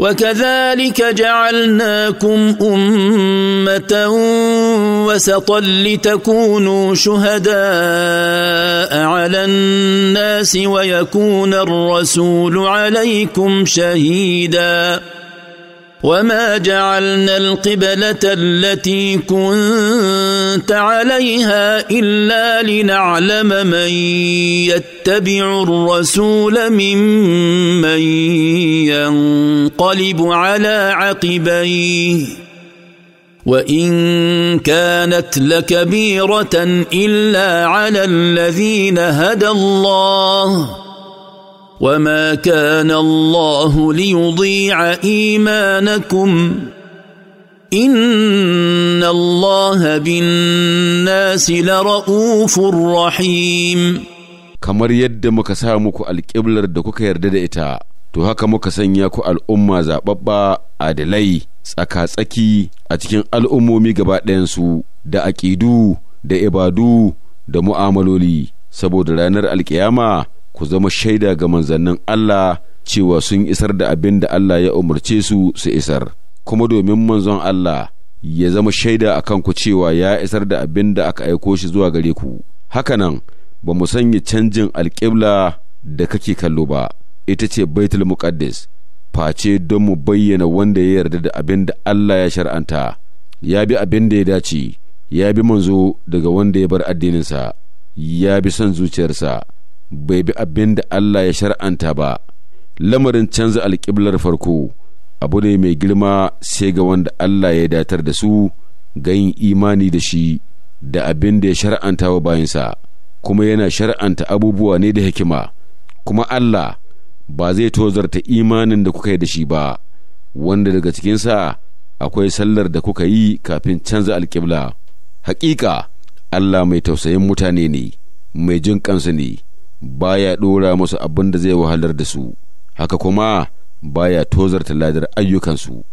وكذلك جعلناكم امه وسطا لتكونوا شهداء على الناس ويكون الرسول عليكم شهيداً وما جعلنا القبله التي كنت عليها الا لنعلم من يتبع الرسول ممن ينقلب على عقبيه وان كانت لكبيره الا على الذين هدى الله وما كان الله ليضيع ايمانكم ان الله بالناس لرؤوف رحيم kamar yadda muka sa muku alƙiblar da kuka yarda da ita to haka muka sanya ku al'umma zaɓaɓɓa adalai tsaka-tsaki a cikin al'ummomi gaba ɗayansu da aƙidu da ibadu da mu'amaloli saboda ranar alƙiyama ku zama shaida ga manzannin Allah cewa sun isar da abin da Allah ya umarce su su isar kuma domin manzon Allah ya zama shaida a kan ku cewa ya isar da abin da aka aiko shi zuwa gare ku hakanan ba mu sanya canjin alƙibla da kake kallo ba ita ce baitul muqaddis face don mu bayyana wanda ya yarda da abin da Allah ya shar'anta ya bi abin da ya dace ya bi manzo daga wanda ya bar addininsa ya bi son zuciyarsa bai bi abin da Allah ya shar'anta ba lamarin canza alƙiblar farko abu ne mai girma sai ga wanda Allah ya datar da su ga yin imani da shi da abin da ya shar'anta wa bayansa kuma yana shar'anta abubuwa ne da hikima kuma Allah ba zai tozarta imanin da kuka yi da shi ba wanda daga cikinsa akwai sallar da kuka yi kafin canza alƙibla hakika Allah mai tausayin mutane ne mai jin kansu ne baya ɗora musu abin da zai wahalar da su haka kuma baya tozarta ladar ayyukansu